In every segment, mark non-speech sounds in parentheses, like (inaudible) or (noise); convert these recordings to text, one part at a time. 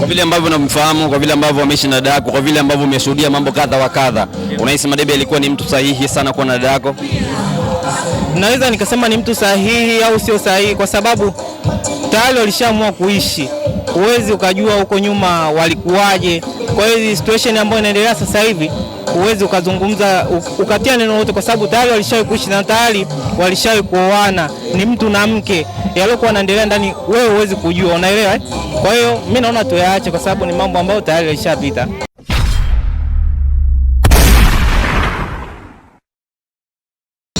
kwa vile ambavyo namfahamu, kwa vile ambavyo ameishi na dadako, kwa vile ambavyo umeshuhudia mambo kadha wa kadha, unahisi Madebe alikuwa ni mtu sahihi sana kwa dadako? Naweza nikasema ni mtu sahihi au sio sahihi, kwa sababu tayari walishaamua kuishi. Huwezi ukajua huko nyuma walikuwaje. Kwa hiyo situation ambayo inaendelea sasa hivi huwezi ukazungumza ukatia neno lote, kwa sababu tayari walishawahi kuishi na tayari walishawahi kuoana, ni mtu na mke. Yaliokuwa anaendelea ndani, wewe huwezi kujua, unaelewa eh? Kwa hiyo mi naona tuyaache, kwa sababu ni mambo ambayo tayari yalishapita.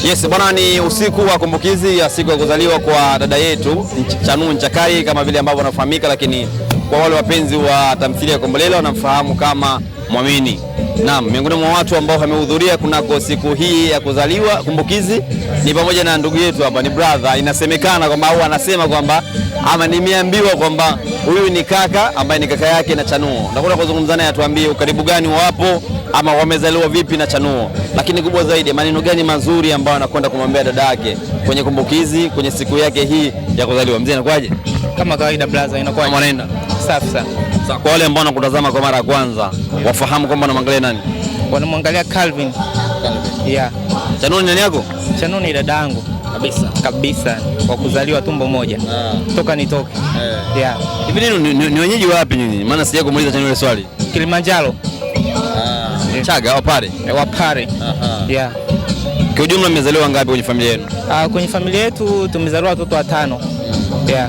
Yes, bwana, ni usiku wa kumbukizi ya siku ya kuzaliwa kwa dada yetu Chanuu Nchakai kama vile ambavyo anafahamika, lakini kwa wale wapenzi wa tamthilia ya Kombolela wanamfahamu kama mwamini. Naam, miongoni mwa watu ambao wamehudhuria kunako siku hii ya kuzaliwa kumbukizi ni pamoja na ndugu yetu hapa, ni brother, inasemekana kwamba au anasema kwamba ama nimeambiwa kwamba huyu ni kaka ambaye ni kaka yake na Chanuo. Ndakwenda kuzungumza naye, atuambie ukaribu gani wapo ama wamezaliwa vipi na Chanuo, lakini kubwa zaidi maneno gani mazuri ambayo anakwenda kumwambia dada yake kwenye kumbukizi, kwenye siku yake hii ya kuzaliwa. Mzee, inakuwaje? Kama kawaida brother, inakuwaje? Safi sana. Sasa kwa wale ambao wanakutazama kwa mara ya kwanza wafahamu kwamba wanamwangalia nani? Wanamwangalia Calvin. Calvin. Yeah. Chanuni nani yako? Chanuni dada yangu. Kabisa. Kabisa. Kwa kuzaliwa tumbo moja. Ah. Toka nitoke. Eh. Yeah. Hivi nini ni, ni wenyeji wapi nyinyi? Maana sija kumuuliza Chanuni swali. Kilimanjaro. Ah. Eh. Chaga wapare. wa Pare. Eh, Aha. Yeah. Kwa jumla mmezaliwa ngapi kwenye familia yenu? Ah, kwenye familia yetu tumezaliwa watoto watano. Mm. Yeah.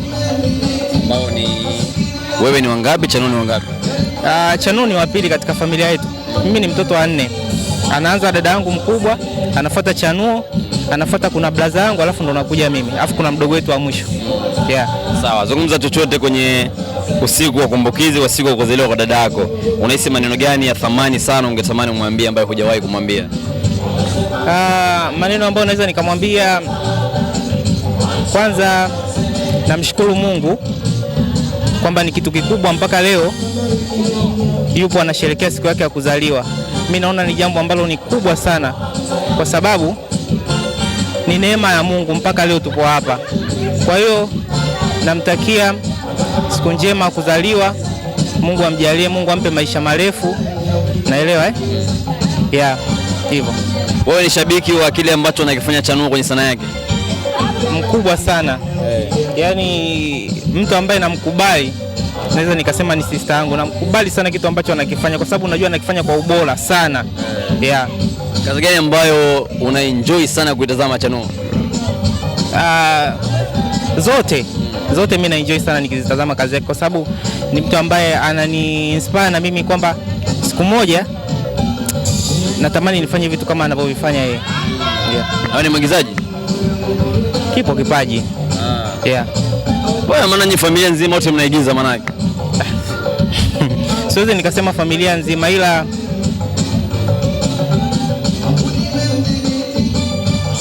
Wewe ni wangapi? Chanuni ni wangapi? Uh, ah, Chanuni ni wa pili katika familia yetu. Mimi ni mtoto wa nne, anaanza dada yangu mkubwa, anafuata Chanuo, anafuata kuna blaza yangu, alafu ndo nakuja mimi, alafu kuna mdogo wetu wa mwisho. Yeah. Sawa, zungumza chochote kwenye usiku wa kumbukizi wa siku kuzaliwa kwa dada yako. Unahisi maneno gani ya thamani sana ungetamani umwambie ambayo hujawahi kumwambia? Uh, maneno ambayo naweza nikamwambia, kwanza namshukuru Mungu kwamba ni kitu kikubwa, mpaka leo yupo anasherehekea siku yake ya kuzaliwa. Mimi naona ni jambo ambalo ni kubwa sana, kwa sababu ni neema ya Mungu mpaka leo tupo hapa. Kwa hiyo namtakia siku njema ya kuzaliwa, Mungu amjalie, Mungu ampe maisha marefu, naelewa eh? Yeah, hivyo. Wewe ni shabiki wa kile ambacho anakifanya Chanuo kwenye sanaa yake? Mkubwa sana hey. Eh yani mtu ambaye namkubali naweza nikasema ni sista yangu, namkubali sana kitu ambacho anakifanya, kwa sababu najua anakifanya kwa ubora sana eh. yeah. Kazi gani ambayo una enjoy sana kuitazama chano? Uh, ah, zote zote mi naenjoy sana nikizitazama kazi yake, kwa sababu ni mtu ambaye anani inspire na mimi kwamba siku moja natamani nifanye vitu kama anavyovifanya yeye. Yeah. Ni mwigizaji, kipo kipaji Yeah. Bwana maana nyinyi familia nzima wote mnaigiza manake. (laughs) Siwezi nikasema familia nzima ila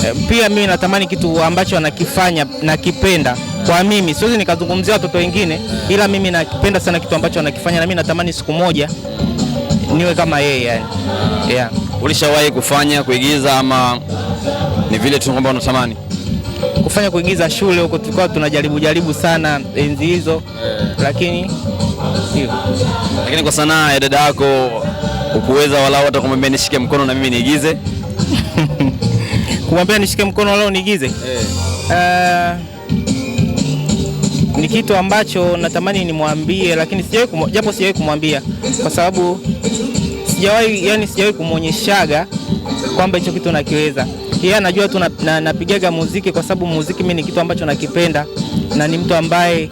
eh, pia mimi natamani kitu ambacho anakifanya nakipenda. Kwa mimi siwezi nikazungumzia watoto wengine, ila mimi nakipenda sana kitu ambacho anakifanya, na mimi natamani siku moja niwe kama yeye yani. Yeah. Ulishawahi kufanya kuigiza ama ni vile tu kwamba unatamani? kufanya kuigiza shule huko tulikuwa tunajaribu jaribu sana enzi hizo yeah. Lakini sio, lakini kwa sanaa ya dada yako ukuweza walau hata kumwambia nishike mkono na mimi niigize (laughs) kumwambia nishike mkono walau niigize yeah. uh, eh, ni kitu ambacho natamani nimwambie, lakini sijawahi, japo sijawahi kumwambia kwa sababu sijawahi, yani sijawahi kumwonyeshaga kwamba hicho kitu nakiweza yeye anajua tu napigaga na, na muziki kwa sababu muziki mimi ni kitu ambacho nakipenda, na ni mtu ambaye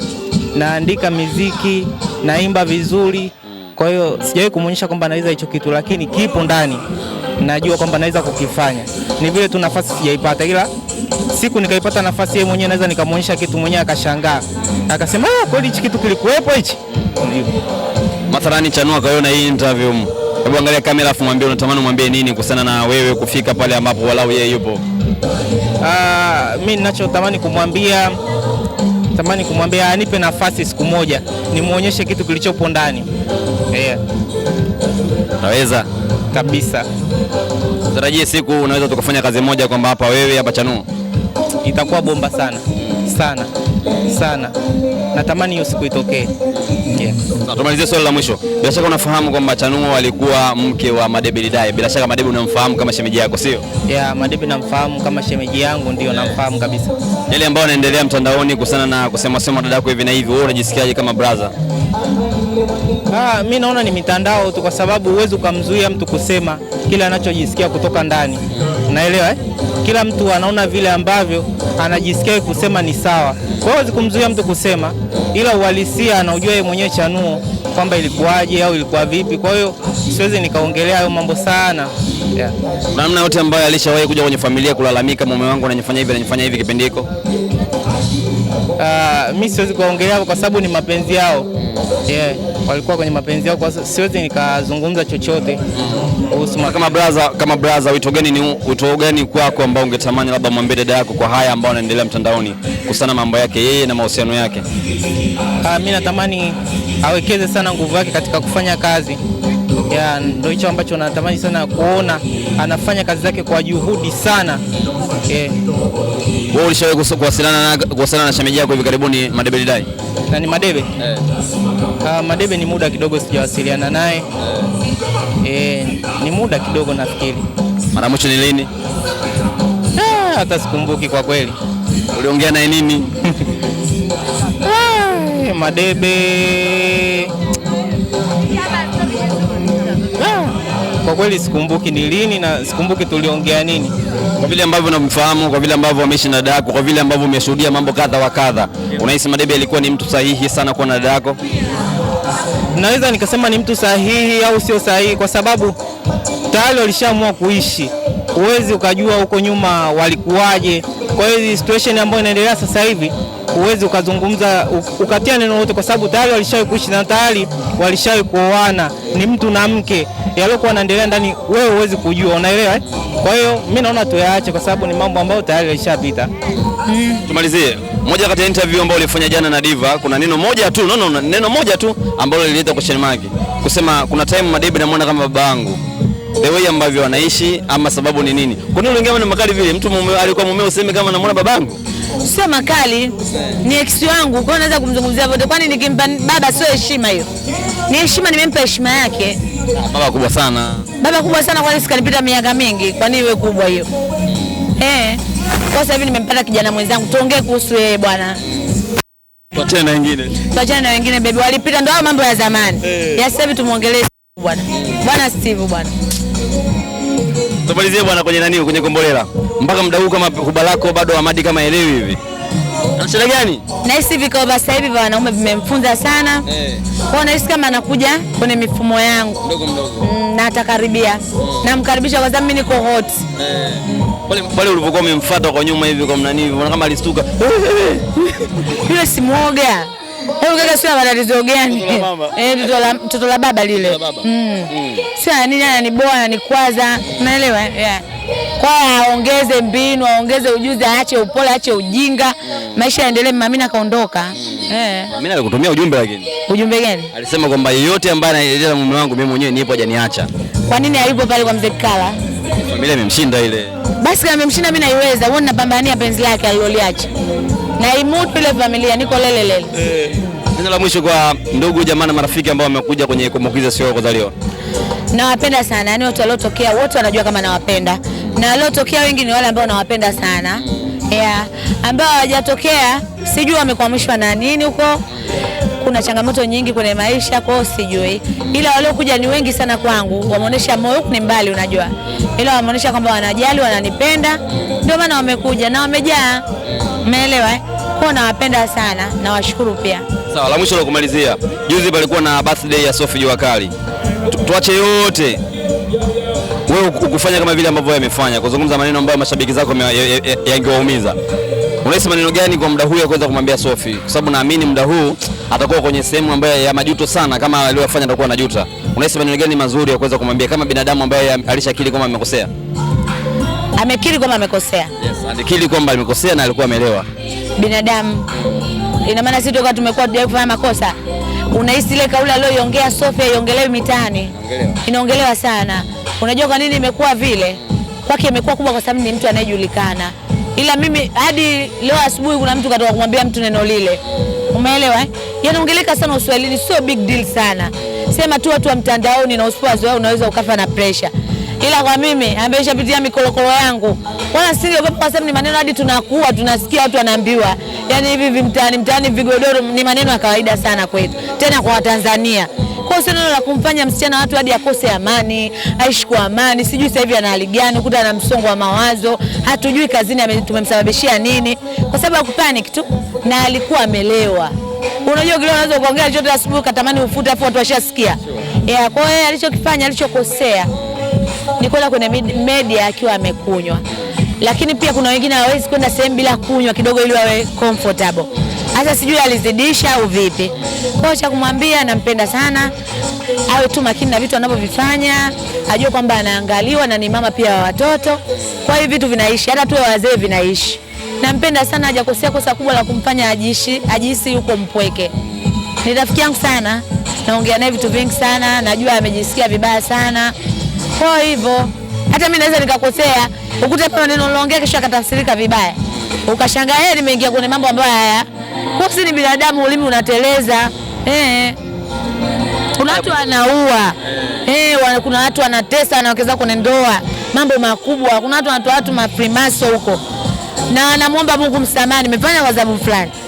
naandika miziki, naimba vizuri. Kwa hiyo sijawahi kumuonyesha kwamba naweza hicho kitu, lakini kipo ndani, najua kwamba naweza kukifanya. Ni vile tu nafasi sijaipata, ila siku nikaipata nafasi, yeye mwenyewe naweza nikamuonyesha kitu mwenyewe akashangaa, akasema ah, kweli hichi kitu kilikuwepo hichi. Mathalani Chanua na hii interview Hebu angalia kamera afu mwambie unatamani mwambie nini kuhusiana na wewe kufika pale ambapo walau yeye yupo. Uh, ah, mimi ninachotamani kumwambia tamani kumwambia anipe nafasi siku moja nimwonyeshe kitu kilichopo ndani. Yeah. Naweza kabisa. Tarajie siku unaweza tukafanya kazi moja kwamba hapa wewe hapa Chanuo. Itakuwa bomba sana sana sana, natamani hiyo siku itokee yake. Tumalizie swali la mwisho. Bila shaka unafahamu kwamba Chanuo alikuwa mke wa Madebe Lidai. Bila shaka Madebe unamfahamu kama shemeji yako, sio? Yeah, Madebe namfahamu kama shemeji yangu, ndio namfahamu kabisa. Yale ambayo anaendelea mtandaoni kuhusiana na kusema sema dada yako hivi na hivi, wewe unajisikiaje kama brother? Ah, mi naona ni mitandao tu, kwa sababu huwezi ukamzuia mtu kusema kile anachojisikia kutoka ndani unaelewa eh? Kila mtu anaona vile ambavyo anajisikia kusema ni sawa. Kwa hiyo zikumzuia mtu kusema, ila uhalisia anaujua yeye mwenyewe chanuo kwamba ilikuwaje au ilikuwa vipi. Kwa hiyo siwezi nikaongelea hayo mambo sana yeah. Namna yote ambayo alishawahi kuja kwenye familia kulalamika, mume wangu ananifanya hivi ananifanya hivi, kipindi hiko uh, ah, mi siwezi kuongelea kwa sababu ni mapenzi yao yeah. Walikuwa kwenye mapenzi yao, kwa siwezi nikazungumza chochote kuhusu. Kama brother, kama brother, wito gani ni wito gani kwako ambao ungetamani labda mwambie dada yako kwa haya ambao anaendelea mtandaoni kusana mambo yake yeye na mahusiano yake? Uh, ah, mi natamani awekeze sana nguvu yake katika kufanya kazi yeah, ndio hicho ambacho natamani sana kuona anafanya kazi zake kwa juhudi sana eh. Wewe ulishawahi kuwasiliana na kuwasiliana na shemeji yako hivi karibuni Madebe Lidai? Na ni Madebe yeah. Eh. Uh, Madebe ni muda kidogo sijawasiliana naye yeah. E, ni muda kidogo nafikiri. Mara mwisho ni lini? Ah, hata sikumbuki kwa kweli. Uliongea naye nini? (laughs) Ah, Madebe kweli sikumbuki ni lini na sikumbuki tuliongea nini. Kwa vile ambavyo namfahamu kwa vile ambavyo ameishi na dada kwa vile ambavyo umeshuhudia mambo kadha wa kadha, unahisi Madebe alikuwa ni mtu sahihi sana kwa na yako? Naweza nikasema ni mtu sahihi au sio sahihi, kwa sababu tayari walishaamua kuishi. Huwezi ukajua huko nyuma walikuwaje. Kwa hiyo hii situation ambayo inaendelea sasa hivi huwezi ukazungumza ukatia neno lote, kwa sababu tayari walishawahi kuishi na tayari walishawahi kuoana, ni mtu na mke yaliokuwa yanaendelea ndani, wewe huwezi kujua, unaelewa eh? Kwa hiyo mi naona tuyaache, kwa sababu ni mambo ambayo tayari yalishapita. Mm. Tumalizie moja kati ya interview ambayo ulifanya jana na Diva, kuna neno moja tu, no, no, neno moja tu ambalo lilileta question mark, kusema kuna time Madebe namuona kama baba yangu the way ambavyo wanaishi ama sababu ni nini? Kwa nini unaongea maneno makali vile? Mtu mume alikuwa mume useme kama namuona babangu. Sio makali, ni ex wangu, kwa hiyo naweza kumzungumzia vote, kwani nikimpa baba sio heshima hiyo ni heshima, nimempa heshima yake. Baba kubwa sana, baba kubwa sana, kwani sikanipita miaka mingi, kwani iwe kubwa hiyo mm. eh? Kwa sasa hivi nimempata kijana mwenzangu, tuongee kuhusu yeye bwana. Tuachane na wengine, tuachane na wengine baby, walipita ndio mambo ya zamani hey. Eh. Ya sasa hivi tumuongelee bwana, bwana Steve bwana Tumalizie bwana kwenye nani kwenye Kombolela. Mpaka muda huu kama kuba lako bado Hamadi kama elewi hivi. Ana shida gani? Na hivi kwa sasa hivi bwana wanaume vimemfunza sana. Eh. Hey. Kwa nahisi kama anakuja kwenye mifumo yangu mdogo mdogo, mm, na atakaribia Namkaribisha kwa sababu mimi niko hot eh. Pale pale umemfuata kwa nyuma hivi kwa mnani hivi, kama alistuka (laughs) yule simuoga mtoto eh, la baba lile, mm. mm. si nini, ananibora, ananikwaza, unaelewa? Eh? kwao, aongeze mbinu, aongeze ujuzi, aache upole, aache ujinga, maisha yaendelee. Mamina akaondoka. Eh, Mamina alikutumia ujumbe, lakini ujumbe gani? Alisema kwamba yeyote ambaye anaendelea mume wangu mimi mwenyewe nipo, hajaniacha. Kwa nini alipo pale kwa mzee Kala? Familia imemshinda ile. Basi kama imemshinda mimi naiweza. Wewe unapambania penzi lake aliloliacha. Na imutu ile familia niko lele lele. Eh. Neno la mwisho kwa ndugu jamaa na marafiki ambao wamekuja kwenye kumbukiza sio ya kuzaliwa. Nawapenda sana. Yaani watu waliotokea wote wanajua kama nawapenda na waliotokea wengi ni wale ambao nawapenda sana yeah. Ambao hawajatokea sijui wamekwamishwa na nini huko. Kuna changamoto nyingi kwenye maisha, kwa hiyo sijui, ila waliokuja ni wengi sana kwangu, wameonyesha moyo. Ni mbali unajua, ila wameonyesha kwamba wanajali, wananipenda, ndio maana wamekuja na wamejaa. Umeelewa? Eh? Kwao nawapenda sana, nawashukuru pia. Sawa, la mwisho la kumalizia, juzi palikuwa na birthday ya Sophie Jua Kali, tuache yote wewe ukufanya kama vile ambavyo yamefanya, kuzungumza maneno ambayo mashabiki zako yangewaumiza, unahisi maneno gani kwa muda huu ya kuweza kumwambia sofi Kwa sababu naamini muda huu atakuwa kwenye sehemu ambayo ya majuto sana, kama aliyofanya atakuwa anajuta. Unahisi maneno gani mazuri ya kuweza kumwambia kama binadamu ambaye alishakiri kwamba amekosea? Amekiri kwamba amekosea. Yes, alikiri kwamba amekosea na alikuwa amelewa. Binadamu ina maana sisi toka tumekuwa tujawahi kufanya makosa. Unahisi ile kauli aliyoiongea Sofi iongelewe mitaani, inaongelewa sana. Unajua kwa nini imekuwa vile? Kwake imekuwa kubwa kwa sababu ni mtu anayejulikana, ila mimi hadi leo asubuhi kuna mtu katoka kumwambia mtu neno lile, umeelewa eh? Yanaongeleka sana Uswahilini, sio big deal sana, sema tu watu wa mtandaoni na usipowazoea unaweza ukafa na pressure, ila kwa mimi ambaye nishapitia mikolokolo yangu wala siogopa kwa sababu ni maneno hadi tunakuwa tunasikia watu wanaambiwa, yani hivi mtaani mtaani, vigodoro ni maneno ya kawaida sana kwetu, tena kwa Watanzania. Kwa hiyo neno la kumfanya msichana watu hadi akose amani, aishi kwa amani, sijui sasa hivi ana hali gani, kuta ana msongo wa mawazo, hatujui kazini tumemsababishia nini, kwa sababu hakupanic tu na alikuwa amelewa. Unajua kile unaweza kuongea chochote asubuhi katamani ufute, afu watu washasikia. Yeah, kwa hiyo alichokifanya, alichokosea ni kwenda kwenye media akiwa amekunywa, lakini pia kuna wengine hawawezi kwenda sehemu bila kunywa kidogo, ili wawe comfortable hasa sijui alizidisha au vipi. Kwa cha kumwambia nampenda sana, awe tu makini na vitu anavyovifanya, ajue kwamba anaangaliwa na ni mama pia wa watoto. Kwa hiyo vitu vinaishi, hata tuwe wazee vinaishi. Nampenda sana, hajakosea kosa kubwa la kumfanya ajishi ajisi yuko mpweke. Ni rafiki yangu sana, naongea naye vitu vingi sana, najua amejisikia vibaya sana. Kwa hivyo hata mimi naweza nikakosea, ukuta hapa maneno niliongea, kisha akatafsirika vibaya, ukashangaa yeye eh, nimeingia kwenye mambo ambayo haya Kusi ni binadamu, ulimi unateleza eh. eh. Kuna watu wanaua eh, eh kuna watu wanatesa, wanawekeza kwenye ndoa, mambo makubwa. Kuna watu wanatoa watu mafrimaso huko, na namwomba Mungu msamaha, nimefanya kwa sababu fulani.